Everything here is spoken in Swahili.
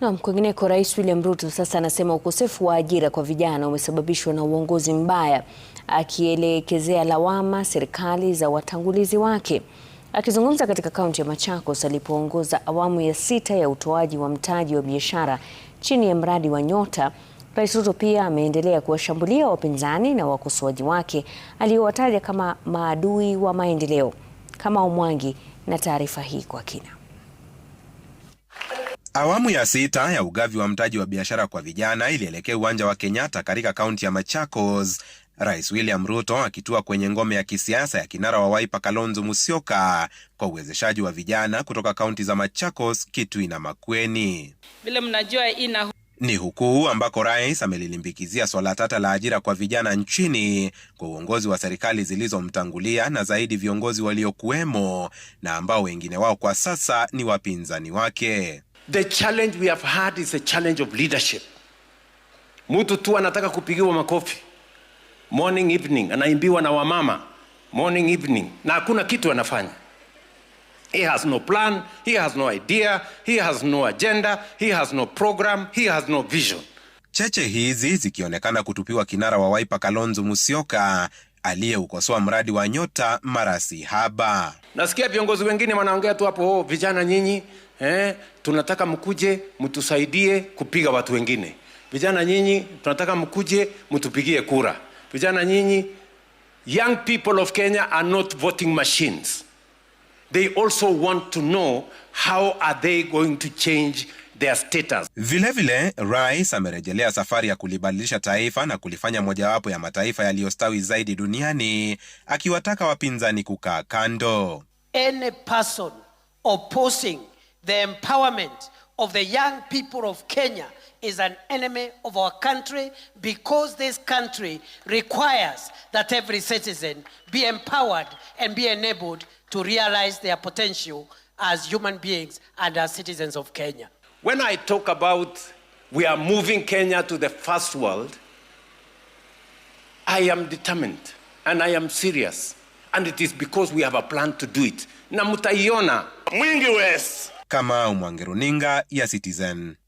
Na kwingineko, Rais William Ruto sasa anasema ukosefu wa ajira kwa vijana umesababishwa na uongozi mbaya, akielekezea lawama serikali za watangulizi wake. Akizungumza katika kaunti ya Machakos alipoongoza awamu ya sita ya utoaji wa mtaji wa biashara chini ya mradi wa Nyota, Rais Ruto pia ameendelea kuwashambulia wapinzani na wakosoaji wake aliyowataja kama maadui wa maendeleo. Kama Omwangi na taarifa hii kwa kina. Awamu ya sita ya ugavi wa mtaji wa biashara kwa vijana ilielekea uwanja wa Kenyatta katika kaunti ya Machakos, Rais William Ruto akitua kwenye ngome ya kisiasa ya kinara wa Wiper Kalonzo Musyoka kwa uwezeshaji wa vijana kutoka kaunti za Machakos, Kitui na Makueni. Vile mnajua ina ni huku ambako rais amelilimbikizia swala tata la ajira kwa vijana nchini kwa uongozi wa serikali zilizomtangulia na zaidi viongozi waliokuwemo na ambao wengine wao kwa sasa ni wapinzani wake. The challenge we have had is a challenge of leadership. Mtu tu anataka kupigiwa makofi morning evening, anaimbiwa na wamama morning evening, na hakuna kitu anafanya. He has no plan, he has no idea, he has no agenda, he has no program, he has no vision. Cheche hizi zikionekana kutupiwa kinara wa waipa Kalonzo musioka aliyeukosoa mradi wa nyota mara si haba. Nasikia viongozi wengine wanaongea tu hapo, oh, vijana nyinyi, eh, tunataka mkuje mtusaidie kupiga watu wengine. Vijana nyinyi, tunataka mkuje mtupigie kura. Vijana nyinyi, young people of Kenya are not voting machines. They also want to know how are they going to change their status. Vilevile, Rais amerejelea safari ya kulibadilisha taifa na kulifanya mojawapo ya mataifa yaliyostawi zaidi duniani akiwataka wapinzani kukaa kando. Any person opposing the empowerment of the young people of Kenya is an enemy of our country because this country requires that every citizen be empowered and be enabled to realize their potential as human beings and as citizens of Kenya. When I talk about we are moving Kenya to the first world, I am determined and I am serious. And it is because we have a plan to do it. Na mutaiona. Mwingi West. Kamau ya Citizen.